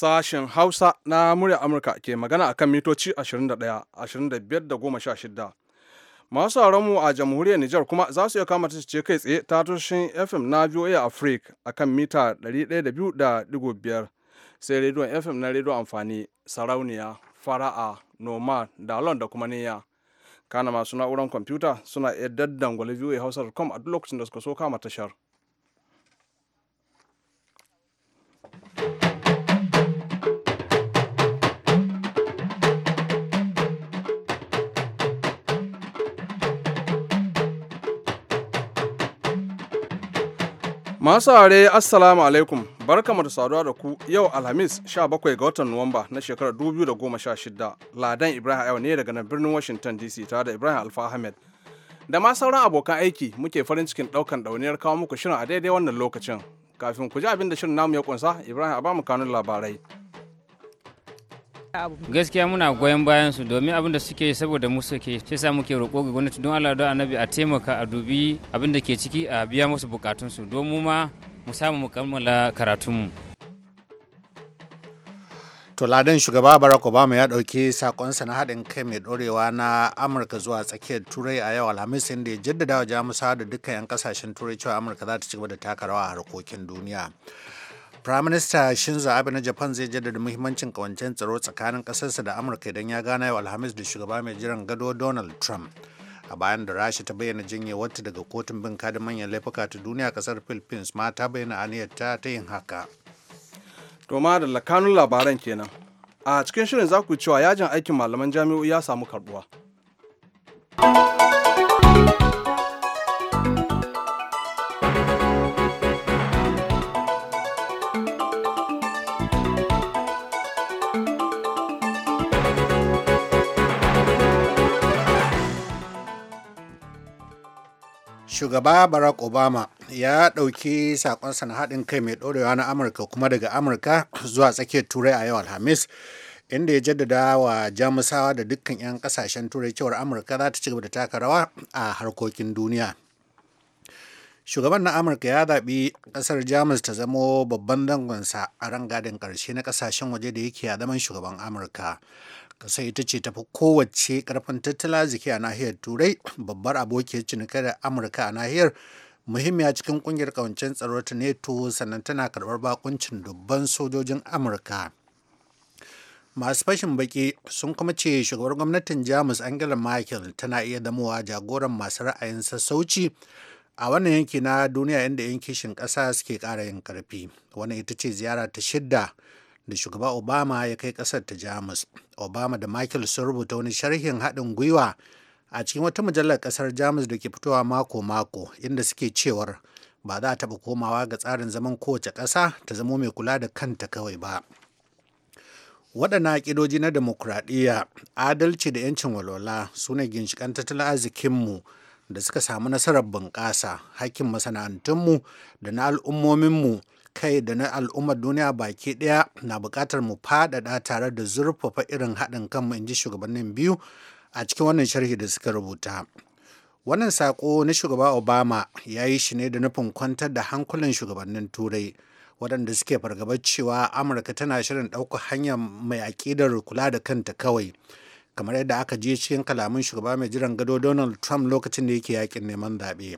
sashen Hausa na murya Amurka ke magana a kan mitoci 21, 25 da Masu mu a jamhuriyar Nijar kuma za su iya kama ce kai tsaye ta tushen FM na VOA Africa a kan mita 102.5 sai rediyon FM na rediyon amfani sarauniya, fara'a, noma, dalon da kuma niyya. Kana masu na'urar kwamfuta suna iya daddangwale VOA Hausa.com a duk lokacin da suka so kama tashar. Masu are Assalamu alaikum barka da saduwa da ku yau Alhamis 17 ga watan Nuwamba na shekarar 2016 Ladan Ibrahim yau ne daga nan birnin Washington DC tare da Ibrahim Alfa da ma sauran abokan aiki muke farin cikin daukan dauniyar kawo muku shirin a daidai wannan lokacin kafin ku ji abin da shirin namu ya kunsa Ibrahim a bamu kanun labarai. Gaskiya muna goyon bayan su domin abin da suke saboda mu suke shi yasa muke roƙo ga gwamnati don Allah da Annabi a taimaka a dubi abin da ke ciki a biya musu bukatun su don mu ma mu samu mu kammala karatun mu. To ladan shugaba Barack Obama ya ɗauki sakonsa na haɗin kai mai ɗorewa na Amurka zuwa tsakiyar Turai a yau Alhamis inda ya jaddada wa Jamusawa da dukkan 'yan kasashen Turai cewa Amurka za ta ci gaba da takarawa a harkokin duniya. Prime Minister Shinzo Abe na Japan zai jaddada muhimmancin kawancen tsaro tsakanin kasarsa da Amurka idan ya gana yau Alhamis da shugaba mai jiran gado Donald Trump. A bayan da Rasha ta bayyana wata daga kotun bin kadin manyan laifuka ta duniya kasar Philippines ma ta bayyana aniyarta ta yin haka. To ma da lakanun labaran kenan. A cikin shirin za ku cewa yajin aikin malaman jami'o'i ya samu karbuwa. shugaba barack obama ya dauki sakonsa na haɗin kai mai ɗorewa na amurka kuma daga amurka zuwa tsakiyar turai a yau alhamis inda ya jaddada wa jamusawa da dukkan 'yan kasashen turai cewar amurka za ta ci gaba da taka rawa a harkokin duniya shugaban na amurka ya zaɓi ƙasar jamus ta zamo babban dangonsa a rangadin ƙarshe na ƙasashen waje da yake a zaman shugaban amurka ƙasar ita ce tafi kowace karfin tattala arziki a nahiyar turai babbar abokiyar da amurka a nahiyar muhimmiya cikin ƙungiyar ƙawancen tsaro ta neto sannan tana karbar bakuncin dubban sojojin amurka masu fashin baki sun kuma ce shugabar gwamnatin jamus angela merkel tana iya damowa jagoran masu ra'ayin sassauci a wannan yanki na duniya inda yan kishin ƙasa suke kara yin karfi wannan ita ce ziyara ta shidda da shugaba obama ya kai kasar ta jamus obama da michael sun rubuta wani sharhin haɗin gwiwa a cikin wata mujallar kasar jamus da ke fitowa mako-mako inda suke cewar ba za a taɓa komawa ga tsarin zaman kowace ƙasa ta zamo mai kula da kanta kawai ba waɗannan ƙidoji na demokuraɗiyya adalci da 'yancin walwala su ne ginshiƙan tattalin arzikinmu da suka samu nasarar bunƙasa hakkin masana'antunmu da na al'ummominmu kai da na al'ummar duniya baki ɗaya na bukatar mu faɗaɗa tare da zurfafa irin haɗin kanmu in ji shugabannin biyu a cikin wannan sharhi da suka rubuta. Wannan saƙo na shugaba Obama ya yi shi ne da nufin kwantar da hankulan shugabannin Turai waɗanda suke fargabar cewa Amurka tana shirin ɗaukar hanya mai aƙidar kula da kanta kawai. kamar yadda aka je cikin kalamin shugaba mai jiran gado Donald Trump lokacin da yake yakin neman zaɓe.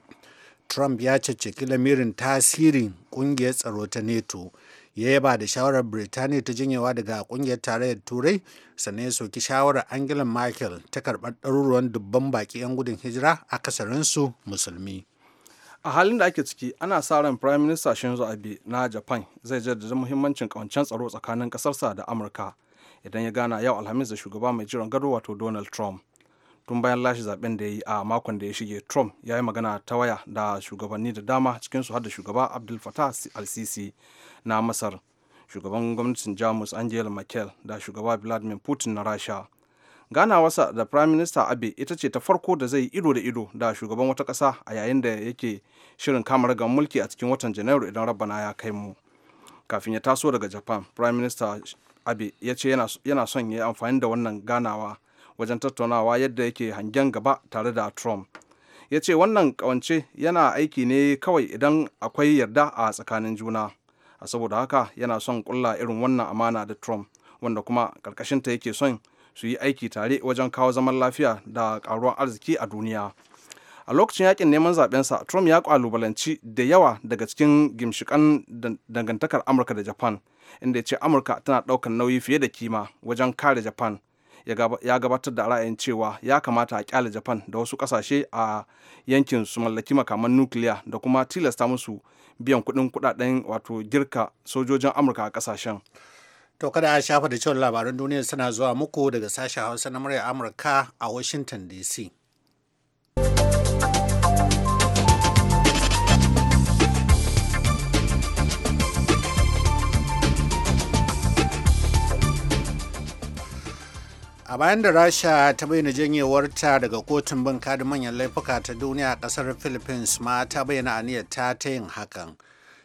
trump ya ceceki lamirin tasirin kungiyar tsaro ta neto ya yaba da shawarar birtaniya ta jinyewa daga kungiyar tarayyar turai sannan ya soki shawarar angela merkel ta karbar ɗaruruwan dubban baƙi 'yan gudun hijira a kasarinsu musulmi a halin da ake ciki ana sa ran prime minister shinzo abe na japan zai jaddada muhimmancin kawancen tsaro tsakanin ƙasarsa da amurka idan ya gana yau alhamis da shugaba mai jiran gado wato donald trump tun bayan lashe zaben da ya yi a makon da ya shige trump ya yi magana ta waya da shugabanni da dama cikinsu har da shugaba abdul fatah al-sisi na masar shugaban gwamnatin jamus angela merkel da shugaba vladimir putin na rasha ganawarsa da prime minister abe ita ce ta farko da zai ido da ido da shugaban wata kasa a yayin da yake shirin kamar ragar mulki a cikin watan janairu idan rabana ya kai mu kafin ya taso daga japan prime minister abe ya ce yana son ya yi amfani da wannan ganawa wajen tattaunawa yadda yake hangen gaba tare da trump ya ce wannan kawance yana aiki ne kawai idan akwai yarda a tsakanin juna a saboda haka yana son kulla irin wannan amana da trump wanda kuma ta yake son su yi aiki tare wajen kawo zaman lafiya da karuwar arziki a duniya a lokacin yakin neman sa trump ya kwalubalanci da yawa daga cikin gimshikan dangantakar amurka da japan inda ya ce amurka tana daukan nauyi fiye da kima wajen kare japan ya gabatar da ra'ayin cewa ya kamata a kyale japan da wasu kasashe a yankin su mallaki makaman nukiliya da kuma tilasta musu biyan kuɗin kuɗaɗen wato girka sojojin amurka a kasashen to kada a shafa da cewa labaran duniya suna zuwa muku daga sashen hausa na murya amurka a washington dc a bayan da rasha ta bayyana janyewarta daga kotun bin kadin manyan laifuka ta duniya a kasar philippines ma ta bayyana aniyar ta ta yin hakan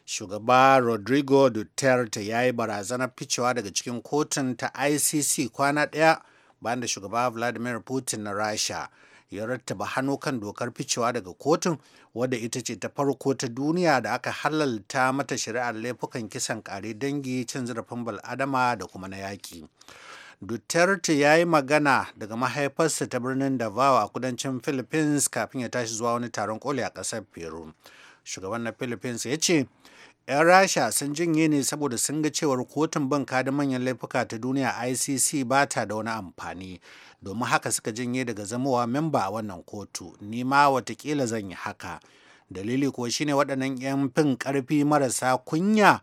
shugaba rodrigo duterte ya yi barazanar ficewa daga cikin kotun ta icc kwana ɗaya bayan da shugaba vladimir putin na rasha ya rattaba hannu kan dokar ficewa daga kotun wadda ita ce ta farko ta duniya da aka halalta mata shari'ar laifukan kisan kare dangi cin zarafin bal'adama da kuma na yaƙi. Duterte ya yi magana daga mahaifarsa ta birnin Davao a kudancin Philippines kafin ya tashi zuwa wani taron koli a ƙasar Peru. Shugaban na Philippines ya ce, ‘yan Rasha sun jinye ne saboda sun ga cewar kotun banka da manyan laifuka ta duniya ICC ba ta da wani amfani, domin haka suka jinye daga zamowa memba a wannan kotu, ni ma watakila zan yi haka. Dalili kuwa shine waɗannan ‘yan fin ƙarfi marasa kunya.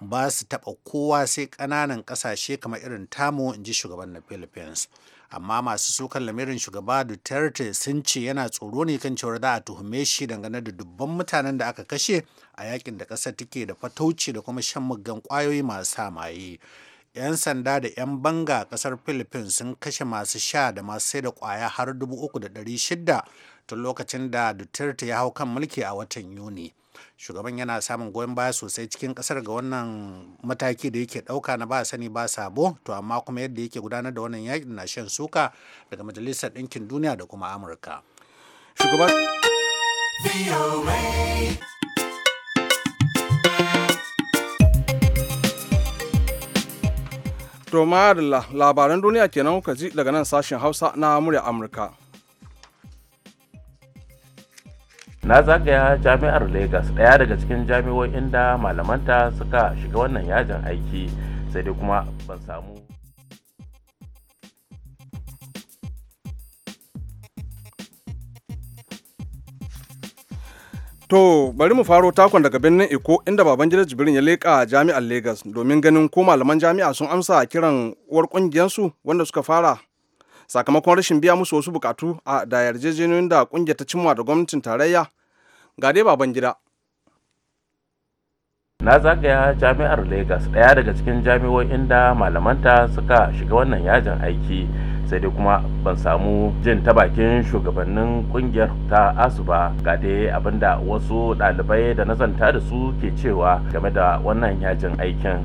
ba su taɓa kowa sai ƙananan ƙasashe kamar irin tamu in ji shugaban na philippines amma masu sukan lamirin shugaba duterte sun ce yana tsoro ne kan cewar za a tuhume shi dangane da dubban mutanen da aka kashe a yakin da ƙasar take da fatauci da kuma shan muggan ƙwayoyi masu samaye 'yan sanda da 'yan banga kasar philippines sun kashe masu sha da masu sai da kwaya har dubu uku da 3,600 tun lokacin da duterte ya hau kan mulki a watan yuni shugaban yana samun goyon baya sosai cikin kasar ga wannan mataki da yake dauka na ba sani ba sabo to amma kuma yadda yake gudanar da wannan yakin na shan suka daga majalisar ɗinkin duniya da kuma amurka domin To labaran duniya kenan kuka ji daga nan sashen Hausa na murya Amurka. na zagaya jami'ar lagos daya daga cikin jami'o'i inda malamanta suka shiga wannan yajin aiki sai dai kuma ban samu To bari mu faro takon daga birnin Eko inda baban gida jibirin ya leƙa jami'ar Lagos domin ganin ko malaman jami'a sun amsa kiran uwar ƙungiyarsu wanda suka fara sakamakon rashin biya musu wasu bukatu a da yarjejeniyoyin da ƙungiyar ta cimma da gwamnatin tarayya ga dai baban gida na zagaya jami'ar legas ɗaya daga cikin jami'o'i inda malamanta suka shiga wannan yajin aiki sai dai kuma ban samu jin ta bakin shugabannin kungiyar ta asu ba ga dai abinda wasu ɗalibai da nazanta da su ke cewa game da wannan yajin aikin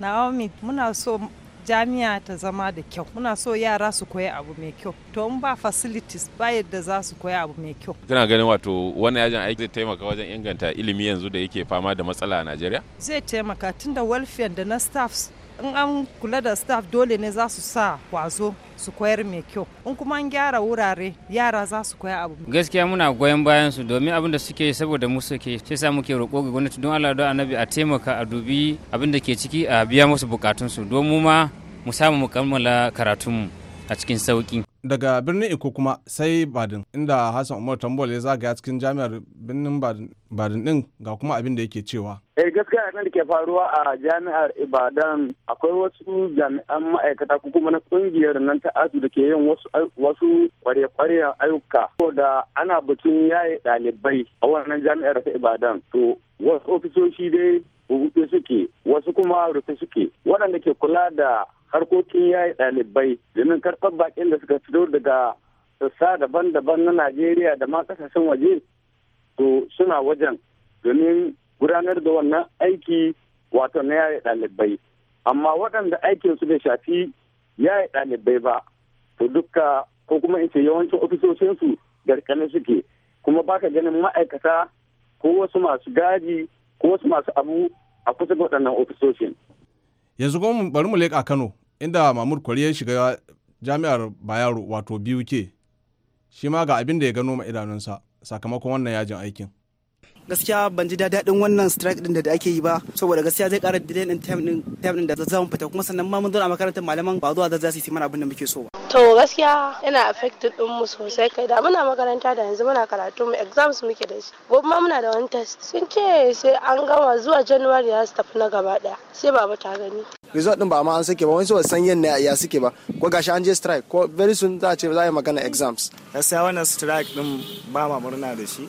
naomi muna so jami'a ta zama da kyau muna so yara su koya abu mai kyau to in ba facilities ba yadda za su koya abu mai kyau kana ganin wato wani yajin aiki zai taimaka wajen inganta ilimi yanzu da yake fama da matsala a Najeriya zai taimaka tunda welfare da na staffs in an kula da staff dole ne za su sa kwazo su koyar mai kyau in kuma an gyara wurare yara za su koya abu gaskiya muna goyon bayan su domin abin da suke saboda mu suke shi sa muke roƙo ga gwamnati don Allah da Annabi a taimaka a dubi abin da ke ciki a biya musu bukatun su don mu ma mu samu mu kammala karatun mu a cikin sauki daga birnin iko kuma sai badin inda hassan umar tambol ya zagaya cikin jami'ar birnin badin din ga kuma abin da yake cewa eh gaskiya abin da ke faruwa a jami'ar ibadan akwai wasu jami'an ma'aikata ko kuma na kungiyar nan ta asu da ke yin wasu kware-kwaren ayyuka ko da ana bikin yaye ɗalibai a wannan jami'ar ta ibadan to wasu ofisoshi dai rufe suke wasu kuma rufe suke waɗanda ke kula da harkokin yi ɗalibai domin karɓar baƙin da suka fito daga sassa daban-daban na najeriya da ma ƙasashen waje to suna wajen domin gudanar da wannan aiki wato na yaye ɗalibai amma waɗanda aikin su bai shafi yaye ɗalibai ba to dukka ko kuma in ce yawancin ofisoshinsu garkane suke kuma baka ganin ma'aikata ko wasu masu gaji ko wasu masu abu a kusa da waɗannan ofisoshin. Yanzu kuma bari mu leƙa Kano. inda mahmud kwari ya shiga jami'ar bayero wato biyu ke shi ma ga abin da ya gano ma idanunsa sakamakon wannan yajin aikin gaskiya ban ji daɗin wannan strike din da ake yi ba saboda gaskiya zai ƙara delay din time din da za mu fita kuma sannan ma mun zo a makarantar malaman ba zuwa za su yi mana abin da muke so ba to gaskiya yana affected din mu sosai kai da muna makaranta da yanzu muna karatu mu exams muke da shi gobe ma muna da wani test sun ce sai an gama zuwa January ya tafi na gaba daya sai baba ta gani rizot din ba ma an sake ba wani ba san yadda ya suke ba ko gashi an je strike ko very soon za a ce za a yi magana exams gaskiya wannan strike din ba ma murna da shi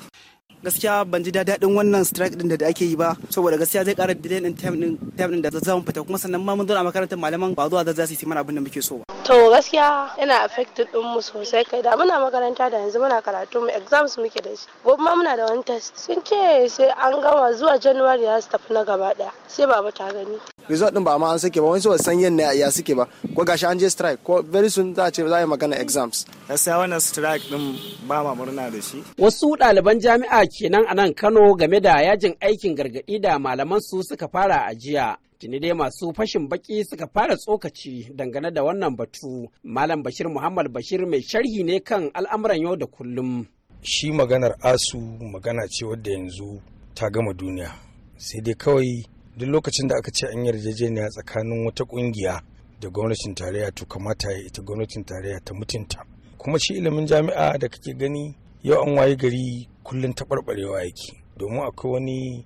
gaskiya ban ji daɗin wannan strike din da ake yi ba saboda gaskiya zai ƙara delay din time din time din da za mu fita kuma sannan ma mun zo a makarantar malaman ba zuwa da za su yi mana abin da muke so ba to gaskiya yana affected din mu sosai kai da muna makaranta da yanzu muna karatu mu exams muke da shi gobe ma muna da wani test sun ce sai an gama zuwa january ya su tafi na gaba daya sai baba ta gani result din ba ma an sake ba wani saboda san yin ne ya suke ba ko gashi an je strike ko very soon za a ce za a yi magana exams gaskiya wannan strike din ba ma murna da shi wasu ɗaliban jami'a kenan a nan Kano game da yajin aikin gargaɗi da malaman su suka fara ajiya, jiya. Tuni dai masu fashin baki suka fara tsokaci dangane da wannan batu. Malam Bashir Muhammad Bashir mai sharhi ne kan al'amuran yau da kullum. Shi maganar asu magana ce wadda yanzu ta gama duniya. Sai dai kawai duk lokacin da aka ce an yarjejeniya tsakanin wata kungiya da gwamnatin tarayya to kamata ya ita gwamnatin tarayya ta mutunta. Kuma shi ilimin jami'a da kake gani yau an waye gari kullum taɓarɓarewa yake domin akwai wani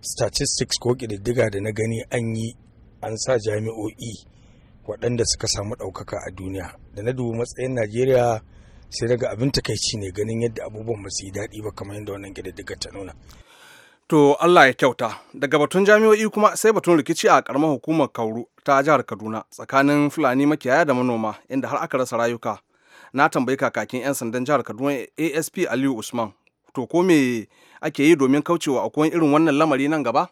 statistics ko ƙididdiga da na gani an yi an sa jami'o'i waɗanda suka samu ɗaukaka a duniya da na dubi matsayin najeriya sai daga abin takaici ne ganin yadda abubuwan ba yi daɗi ba kamar yadda wannan ƙididdiga ta nuna to allah ya kyauta daga batun jami'o'i kuma sai batun rikici a ƙaramar hukumar kauru ta jihar kaduna tsakanin fulani makiyaya da manoma inda har aka rasa rayuka na tambayi kakakin 'yan sandan jihar kaduna asp aliyu usman to ko me ake yi domin kaucewa akwai irin wannan lamari nan gaba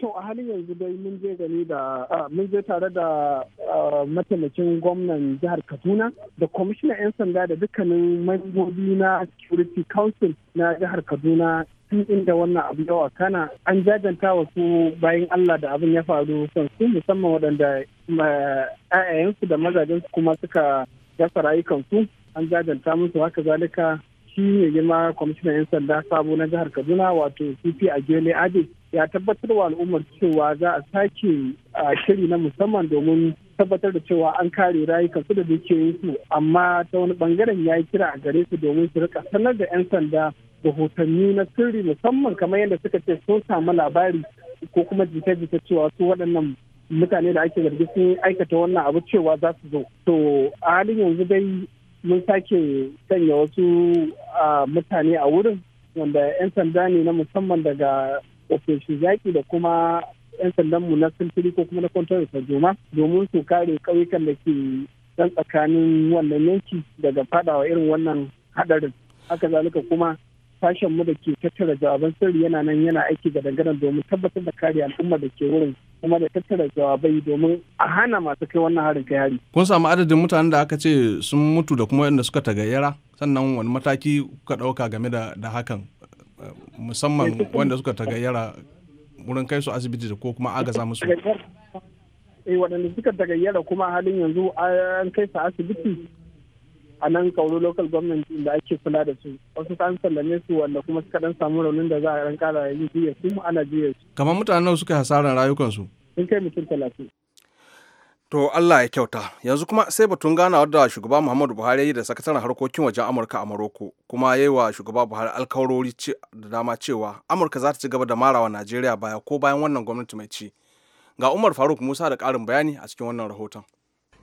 to a halin yanzu dai mun je gani da mun je tare da mataimakin gwamnan jihar kaduna da kwamishinan 'yan sanda da dukkanin mambobi na security council na jihar kaduna tun inda wannan abu yawa kana an jajanta wa su bayan allah da abin ya faru son su musamman waɗanda 'ya'yayensu da mazajensu kuma suka rasa rayukansu an jajanta musu haka zalika shi ne girma kwamishinan 'yan sanda sabo na jihar kaduna wato cp a gele ade ya tabbatar wa al'ummar cewa za a sake shiri na musamman domin tabbatar da cewa an kare rayukansu da su amma ta wani bangaren ya yi kira a gare su domin su rika sanar da 'yan sanda rahotanni na sirri musamman kamar yadda suka ce sun samu labari ko kuma jita-jita cewa su waɗannan mutane da ake zargi sun aikata wannan abu cewa za su zo to a halin yanzu dai mun sake sanya wasu mutane a wurin wanda 'yan sanda ne na musamman daga ofishin yaƙi da kuma 'yan mu na sintiri ko kuma na kwantar da domin su kare ƙauyukan da ke dan tsakanin wannan yanki daga fadawa irin wannan hadarin haka zalika kuma sashen mu da ke tattara jawaban sirri yana nan yana aiki ga dangane domin tabbatar da kare al'umma da ke wurin kuma da tattara jawabai domin a hana masu kai wannan harin kai hari. Kun samu adadin mutanen da aka ce sun mutu da kuma yadda suka tagayyara sannan wani mataki kuka ɗauka game da hakan musamman eh, wanda suka tagayyara wurin kai su asibiti da ko kuma agaza musu. Eh waɗanda suka tagayyara kuma halin yanzu an kai su asibiti a nan kauru local government da ake kula da su wasu an sallame su wanda kuma suka dan samu raunin da za a ran kara yin jiya su ana jiya su kamar mutanen nawa suka hasaran rayukansu sun kai mutum talatin to Allah ya kyauta yanzu kuma sai batun ganawar da shugaba Muhammadu Buhari yi da sakataren harkokin wajen Amurka a Maroko kuma yayi wa shugaba Buhari alkawarori da dama cewa Amurka za ta ci gaba da marawa Najeriya baya ko bayan wannan gwamnati mai ci ga Umar Faruk Musa da ƙarin bayani a cikin wannan rahoton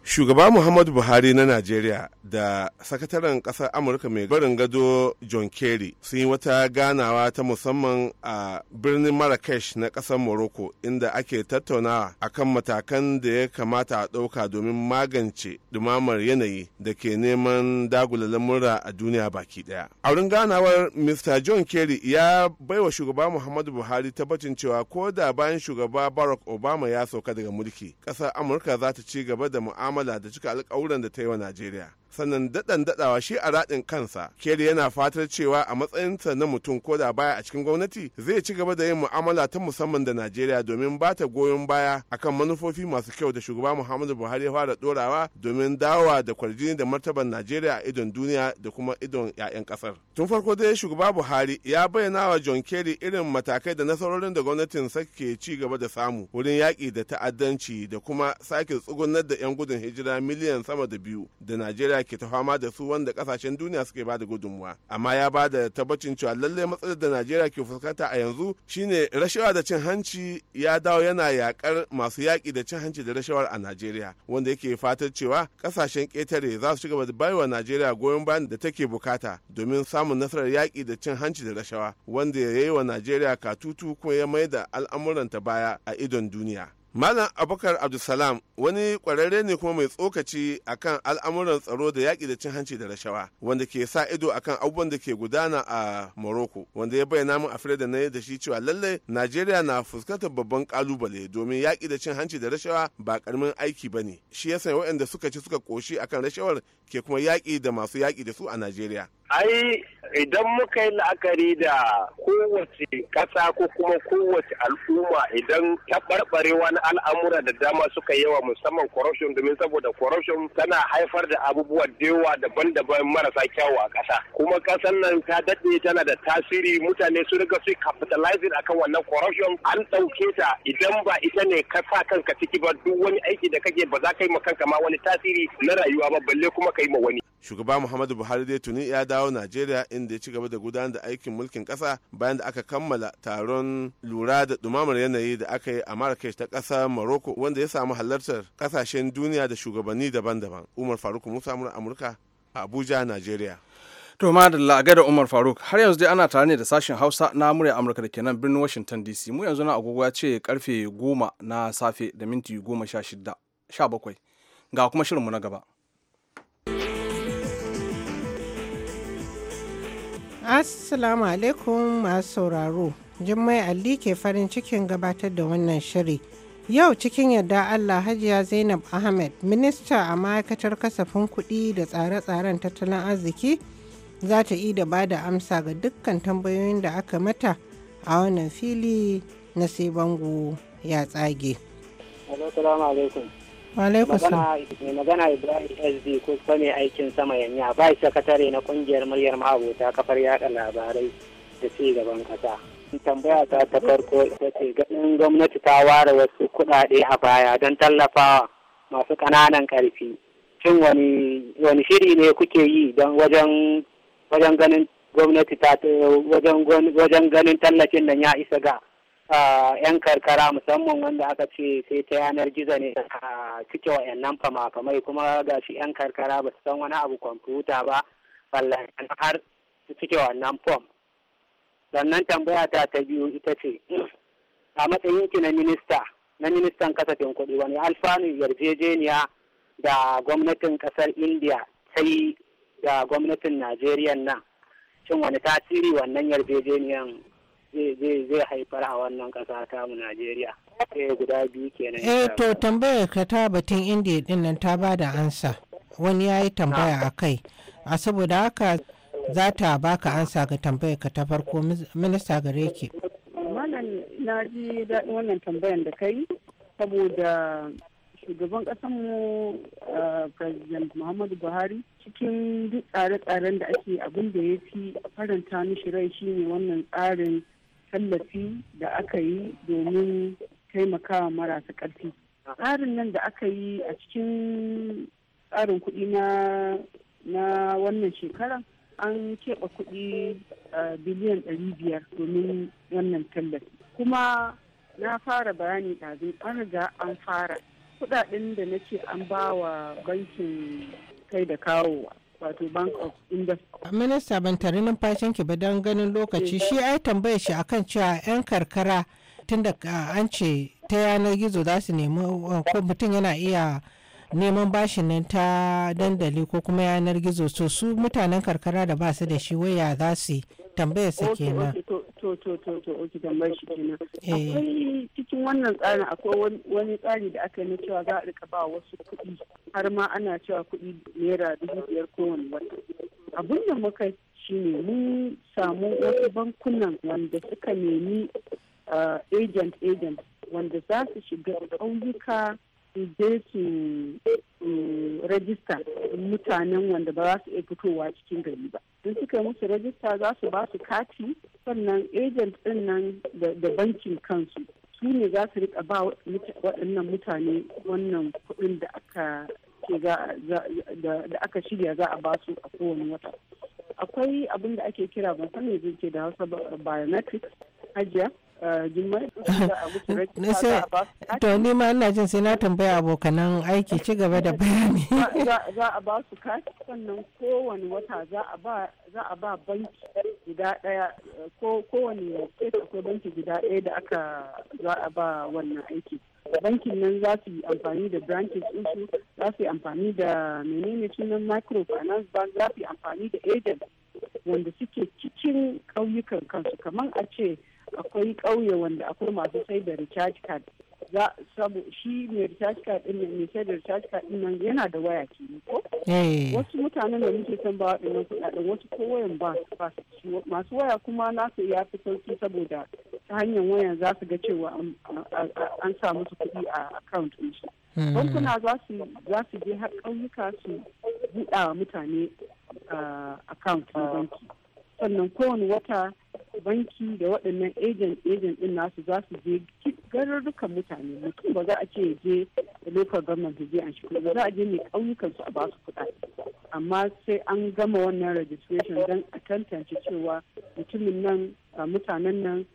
shugaba muhammadu buhari na najeriya da sakataren kasar amurka mai barin gado john kerry sun yi wata ganawa ta musamman a birnin marrakesh na kasar morocco inda ake tattaunawa akan matakan da ya kamata a ɗauka domin magance dumamar yanayi da ke neman dagula lamura a duniya baki daya a wurin ganawar mr john kerry ya baiwa shugaba muhammadu buhari tabbacin cewa ko da bayan shugaba barack obama ya sauka daga mulki ƙasar amurka za ta ci gaba da mu'amala mu'amala da cika alkawuran da ta yi wa najeriya sannan daɗan daɗawa shi a raɗin kansa keri yana fatar cewa a matsayinsa na mutum ko da baya a cikin gwamnati zai ci gaba da yin mu'amala ta musamman da najeriya domin ba ta goyon baya akan manufofi masu kyau da shugaba muhammadu buhari ya fara ɗorawa domin dawowa da kwarjini da martaban najeriya a idon duniya da kuma idon 'ya'yan ƙasar tun farko dai shugaba buhari ya bayyana wa john kerry irin matakai da nasarorin da gwamnatin ke ci gaba da samu wurin yaƙi da ta'addanci da kuma sake tsugunar da 'yan gudun hijira miliyan sama da biyu da najeriya najeriya ke ta fama da su wanda kasashen duniya suke ba da gudunmuwa amma ya ba da tabbacin cewa lallai matsalar da najeriya ke fuskanta a yanzu shine rashawa da cin hanci ya dawo yana yakar masu yaƙi da cin hanci da rashawar a najeriya wanda yake fatar cewa kasashen ƙetare za su cigaba da baiwa najeriya goyon bayan da take bukata domin samun nasarar yaƙi da cin hanci da rashawa wanda ya yi wa najeriya katutu kuma ya mai da al'amuranta baya a idon duniya Malam Abubakar Abdulsalam wani kwararre ne kuma mai tsokaci akan al'amuran tsaro da yaƙi da cin hanci da rashawa wanda ke sa ido akan abubuwan da ke gudana a Morocco wanda ya bayyana min afirka da na da shi cewa lallai Najeriya na fuskantar babban kalubale domin yaƙi da cin hanci da rashawa ba karamin aiki ba ne. Shi ya sanya waɗanda suka ci suka koshi akan rashawar ke kuma yaƙi da masu yaƙi da su a Najeriya. ai idan muka yi la'akari da kowace ƙasa ko kuma kowace al'umma idan barbare wani al'amura da dama suka yawa musamman corruption domin saboda corruption tana haifar da abubuwa da daban-daban marasa kyau a ƙasa kuma ƙasar nan ta daɗe tana da tasiri mutane su riga su capitalizing akan wannan corruption an ɗauke ta idan ba ita ne kasa kanka ciki ba duk wani aiki da kake ba za ka yi ma kanka ma wani tasiri na rayuwa ba balle kuma ka yi ma wani. shugaba muhammadu buhari dai tuni ya dawo najeriya inda ya ci gaba da gudanar da aikin mulkin kasa bayan da aka kammala taron lura da dumamar yanayi da aka yi a marrakesh ta kasar morocco wanda ya samu halartar kasashen duniya da shugabanni daban-daban umar faruk musa amurka a abuja najeriya To madalla a da Umar Faruk har yanzu dai ana tare ne da sashen Hausa na murya Amurka da ke nan birnin Washington DC. Mu yanzu na agogo ya ce karfe goma na safe da minti goma sha shida sha bakwai ga kuma shirinmu na gaba. Assalamu alaikum masu sauraro. Jummai Ali ke farin cikin gabatar da wannan shiri. Yau cikin yadda Allah Hajiya Zainab Ahmed, minista a ma'aikatar kasafin kuɗi da tsare-tsaren tattalin arziki, za ta yi da ba da amsa ga dukkan tambayoyin da aka mata a wannan fili na sai bango ya tsage. Assalamu alaikum. magana ibrahim sd kusa mai aikin sama yanya ba sakatare na kungiyar muryar ma'abota kafar yada labarai da ci gaban kasa tambaya ta ta farko ita ce ganin gwamnati ta ware wasu kuɗaɗe a baya don tallafawa masu ƙananan ƙarfi shin wani shiri ne kuke yi don wajen ganin gwamnati ta wajen ganin tallafin nan ya isa ga 'yan karkara musamman wanda aka ce sai ta yanar gizo ne a cike wa 'yan fama-famai kuma ga shi 'yan karkara ba su san wani abu kwamfuta ba ballan har su cike wannan fom sannan tambaya ta ta biyu ita ce a matsayin ki na minista na ministan kasafin kuɗi wani alfanu yarjejeniya da gwamnatin kasar india Sai yi da gwamnatin najeriya nan shin wani tasiri wannan yarjejeniyan zai haifar a wannan kasa ta mu Najeriya. Eh guda biyu kenan. Eh to tambayar ka ta batun indiya din nan ta da ansa. Wani ya yi tambaya ah. a kai. A saboda haka za ta ba ka ansa ga tambayar ka ta farko minista gare ki. Wannan na ji daɗin wannan tambayan da kai saboda shugaban ƙasar mu president muhammadu buhari cikin duk tsare-tsaren da ake abin da ya fi faranta mishi rai shine wannan tsarin tallafi da aka yi domin taimakawa marasa ƙarfi tsarin nan da aka yi a cikin tsarin kuɗi na wannan shekara an keɓe kuɗi biliyan ɗari biyar domin wannan tallafi kuma na fara bayani ɗazu an riga an fara kuɗaɗen da na ce an ba wa bankin kai da kawowa minista ban tare numfashin ki ba don ganin lokaci eh, shi ai tambaya shi akan cewa yan karkara tunda ah, an ce ta yanar gizo za su nemi ah, ko mutum yana iya neman bashin nan ta dandali ko kuma yanar gizo to su mutanen karkara da ba su da shi waya za su tambayar su kenan to to to to tambayar shi kenan eh. akwai cikin wannan tsarin akwai wani tsari da aka yi na cewa za a rika ba wasu kuɗi har ma ana cewa kuɗi naira dubu biyar kowane wata abin da muka shine mun samu wasu bankunan wanda suka nemi ah, agent agent wanda za su shiga ƙauyuka ki je ki rajista mutanen wanda ba za su iya fitowa cikin gari ba in suka yi musu rajista za su ba su kati sannan agent din nan da bankin kansu su ne za su rika ba waɗannan mutane wannan kuɗin da aka da aka shirya za a ba su a kowane wata akwai abin da ake kira ban sanin zai da hausa biometrics hajiya to ni ma ina jin sai na tambaya abokanan aiki ci gaba da bayani za a ba su kati sannan kowane wata za a ba banki gida daya kowane state akwai banki gida daya da aka za a ba wannan aiki bankin nan za su yi amfani da branches su za su yi amfani da menene sunan microfinance bank za su yi amfani da agent wanda suke cikin ƙauyukan kansu kamar a ce akwai ƙauye wanda akwai masu sai da recharge card za sabo shi mai recharge card din nan sai da recharge card din nan yana da waya ke ko eh. wasu mutanen da muke son ba nan kuɗaɗen wasu ko wayan ba masu waya kuma nasu ya fi sauki saboda ta hanyar waya za su ga cewa an sa musu kuɗi a account din hmm. bankuna za su je har ƙauyuka su buɗa mutane ah, account na banki sannan kowane wata banki da waɗannan agent agent din nasu za su je garurrukan mutane mutum ba za a ce ya je local government ya je an shi ba za a je ne ƙauyukan su a ba su kuɗa amma sai an gama wannan registration don a tantance cewa mutumin nan mutanen nan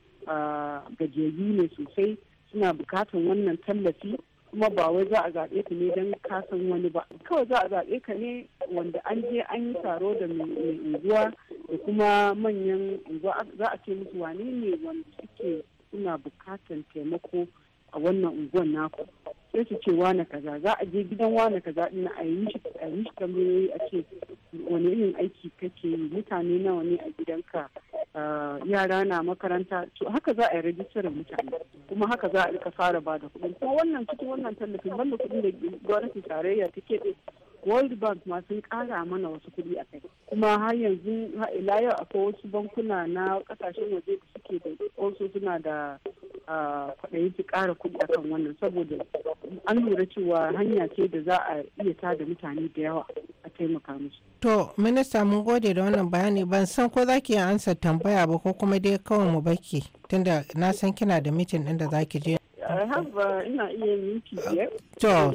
gajiyayyu ne sosai suna bukatan wannan tallafi kuma ba wai za a zaɓe ka ne don kasan wani ba kawai za a zaɓe ka ne wanda an je an yi taro da mai unguwa da kuma manyan unguwa za a ce musu wane ne wanda suke suna bukatan taimako a wannan unguwan naku sai su ce wane kaza za a je gidan wane kaza ina a yi shi a yi shi tambayoyi a ce wani irin aiki kake yi mutane nawa ne a gidanka yara na makaranta to haka za a yi rajistar mutane kuma haka za a rika fara ba da kuɗin kuma wannan cikin wannan tallafin banda kuɗin da gwamnatin tarayya ta keɓe world bank ma sun ƙara mana wasu kuɗi a kai kuma har yanzu ila yau akwai wasu bankuna na ƙasashen waje da suke da also suna da kwaɗayi ki ƙara kuɗi akan wannan saboda an lura cewa hanya ce da za a iya tada mutane da yawa a taimaka musu. To, minista mun gode da wannan bayani ban san ko zaki yi ansa tambaya ba ko kuma dai kawai mu baki tunda na san kina da mitin ɗin da zaki je. Uh, ina iya minti biyar. To,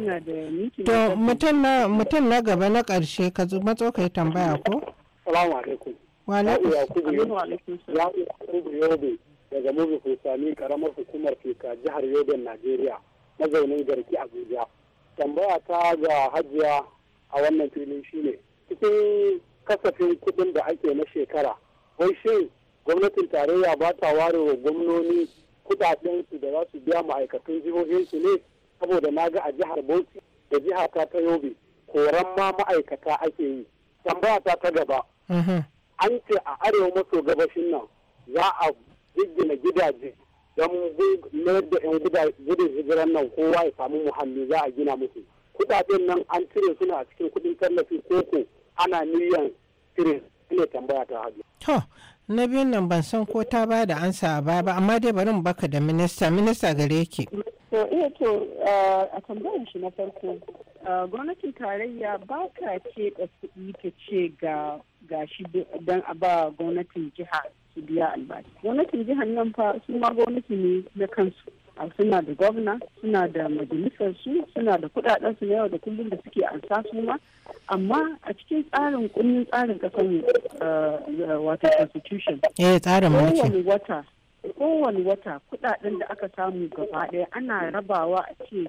to mutum na gaba na ƙarshe ka matso ka yi tambaya ko? Salamu alaikum. Wa alaikum. Ya daga mubi sami karamar hukumar fika jihar yobin najeriya mazaunin garki abuja tambaya ta ga hajiya a wannan filin shine cikin kasafin kudin da ake na shekara wai shin gwamnatin tarayya ba ta ware wa gwamnoni su da za su biya ma'aikatan jihohinsu ne saboda na ga a jihar bauchi da jiha ta ta yobe koran ma ma'aikata ake yi tambaya ta ta gaba mm-hmm. an ce a arewa maso gabashin nan za a giggina gidaje don mayar da 'yan gudun hijiran nan kowa ya samu muhalli za a gina musu kudaden nan an cire suna a cikin kudin tallafi koko ana miliyan cire ne tambaya ta hajji. to na biyun nan ban san ko ta ba da ansa a baya ba amma dai bari mu baka da minista minista gare yake. to iya eh to eh, a tambayar shi na farko eh, gwamnatin tarayya ba ka ce ta ce ga gashi don a ba gwamnatin jiha su biya albashi gwamnatin jihar nan fa su ma gwamnati ne na kansu suna da gwamna suna da majalisar su suna da kudaden su na yau da kullum da suke ansa su ma amma a cikin tsarin kunnin tsarin kasan eh, wata constitution eh tsarin mulki kowane wata kowane wata kudaden da aka samu gaba daya ana rabawa a ce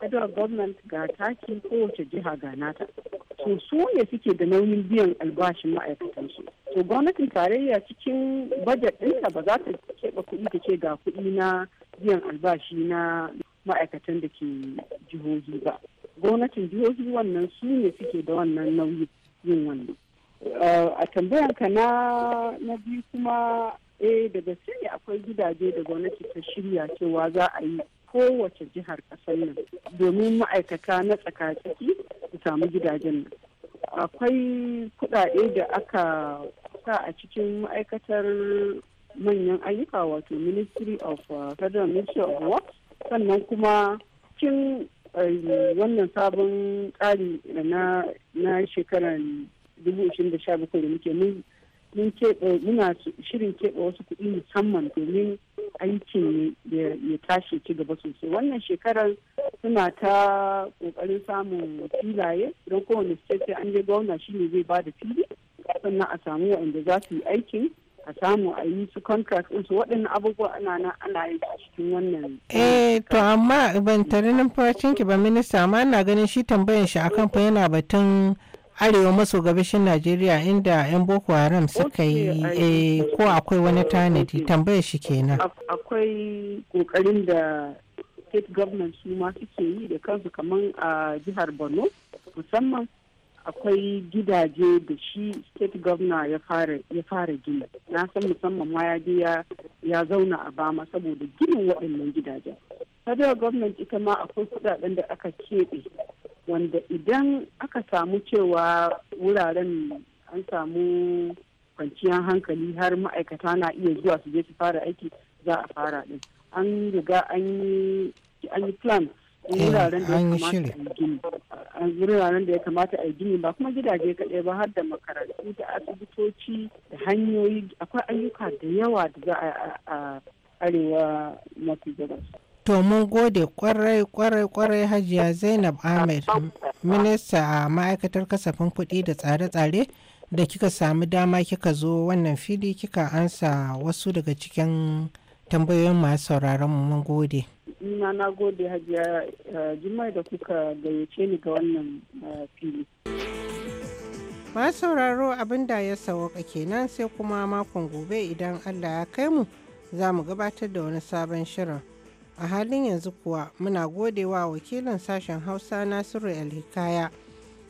federal government ga taki kowace jiha ga nata so su ne suke da nauyin biyan albashin ma'aikatan su. to gwamnatin tarayya cikin bajet ɗinta ba za ta keɓe kuɗi ta ce ga kuɗi na biyan albashi na ma'aikatan da ke jihohi ba gwamnatin jihohi wannan su ne suke da wannan nauyi yin wannan eh, a tambayan na na biyu kuma eh daga sirri akwai gidaje da gwamnati ta shirya cewa za a yi kowace jihar ƙasar nan domin ma'aikata na tsaka-tsaki su samu gidajen nan akwai kuɗaɗe da aka sa a cikin ma'aikatar manyan ayyuka wato ministry of uh, federal ministry of work sannan kuma cikin eh, wannan sabon tsari na shekarar 2017 da muke mun mun keɓe muna shirin keɓe wasu kuɗi musamman domin aikin ya tashi ci gaba sosai wannan shekarar suna ta ƙoƙarin samun filaye don kowane state an je gwamna shi ne zai ba da fili sannan a samu waɗanda za su yi aikin a samu a yi su contract su waɗannan abubuwa ana na ana yi a cikin wannan eh to amma ban tare numfashin ki ba minista amma ina ganin shi tambayan shi akan fa yana batun arewa maso gabashin najeriya inda 'yan boko haram suka yi eh, ko akwai wani tanadi tambayar shi kenan akwai kokarin da state government su ma suke yi da kansu kamar a jihar borno musamman akwai gidaje da shi state governor ya fara gina na san musamman ma ya je ya zauna a bama saboda ginin waɗannan gidajen federal government ita ma akwai kudaden da aka keɓe wanda idan aka samu cewa wuraren an samu kwanciyar hankali har ma'aikata na iya zuwa su je su fara aiki za a fara din an riga an yi plans. Eh, eh, wuraren da ya kamata a yi a gini ba kuma gidaje kaɗai ba har da makarantu da asibitoci da hanyoyi akwai ayyuka da yawa da za a arewa mafi gabas. To mun gode kwarai kwarai kwarai hajiya Zainab Ahmed minista a ma'aikatar kasafin kuɗi da tsare-tsare da kika sami dama kika zo wannan fili kika ansa wasu daga cikin tambayoyin masu sauraron mun gode. ina na gode hajiya eh, jimai da kuka gayyace ni ga wannan eh, fili ma sauraro abin da ya sauka kenan sai kuma makon gobe idan allah ya kai mu za mu gabatar da wani sabon shirin a halin yanzu kuwa muna godewa wakilin sashen hausa nasiru alhikaya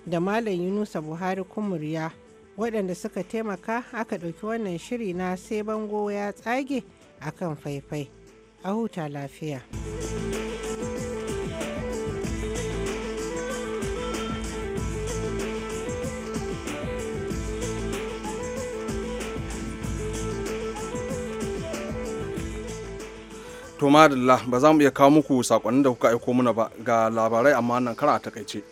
da malam yunusa buhari kumuriya waɗanda suka taimaka aka ɗauki wannan shiri na sai bango ya tsage akan faifai a huta lafiya. to madalla ba za mu iya kawo muku sakonnin da kuka aiko muna ba ga labarai amma nan kara a takaice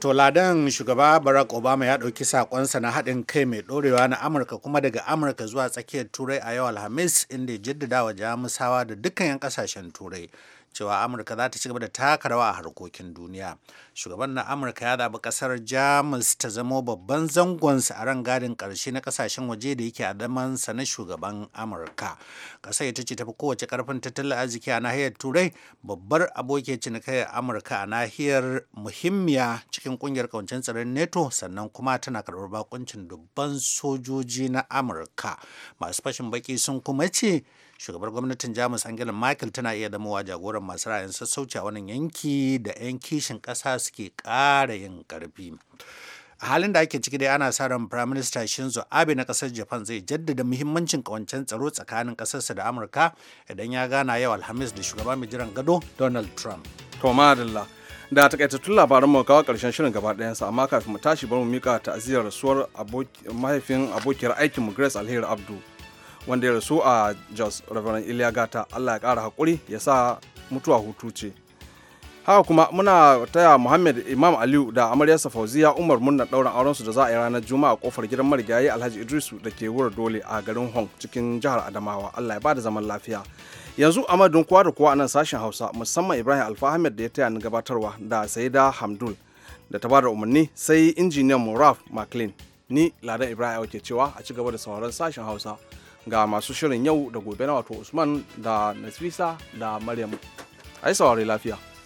To ladan shugaba Barack Obama ya dauki sakonsa na haɗin kai mai ɗorewa na Amurka kuma daga Amurka zuwa tsakiyar Turai a yau Alhamis inda ya jaddada wa Jamusawa da dukkan 'yan kasashen Turai cewa amurka za ta ci gaba da taka rawa a harkokin duniya shugaban na amurka ya zaɓi ƙasar jamus ta zamo babban zangonsa a ran gadin ƙarshe na ƙasashen waje da yake a sa na shugaban amurka ƙasar ita ce tafi kowace ƙarfin tattalin arziki a nahiyar turai babbar aboki cinikayyar amurka a nahiyar muhimmiya cikin ƙungiyar ƙawancin tsaron neto sannan kuma tana karɓar bakuncin dubban sojoji na amurka masu fashin baki sun kuma ce shugabar gwamnatin jamus angela michael tana iya zamowa jagoran masu ra'ayin sassauci a wannan yanki da 'yan kishin ƙasa suke ƙara yin ƙarfi a halin da ake ciki dai ana sa ran prime minister shinzo abe na kasar japan zai jaddada muhimmancin kawancen tsaro tsakanin kasarsa da amurka idan ya gana yau alhamis da shugaba mai jiran gado donald trump to madalla da takaitattun labaran mu kawo karshen shirin gaba ɗayansa amma kafin mu tashi bari mu mika ta'aziyar rasuwar mahaifin abokiyar aikin mu grace alheri abdul wanda ya rasu a jos reverend iliya gata allah ya kara haƙuri ya sa mutuwa hutu ce haka kuma muna taya muhammad imam aliyu da amaryarsa fauziya umar murna ɗaurin auren su da za a yi ranar juma'a kofar gidan marigayi alhaji idrisu da ke wurar dole a garin hong cikin jihar adamawa allah ya bada zaman lafiya yanzu a kowa da kowa a nan sashen hausa musamman ibrahim alfahamed da ya taya ni gabatarwa da saida hamdul da ta bada umarni sai injiniyan mu raf maclean ni ladan ibrahim ke cewa a ci gaba da sauran sashen hausa ga masu shirin yau da gobe na wato Usman da Nasfisa da Maryam. yi saurari lafiya.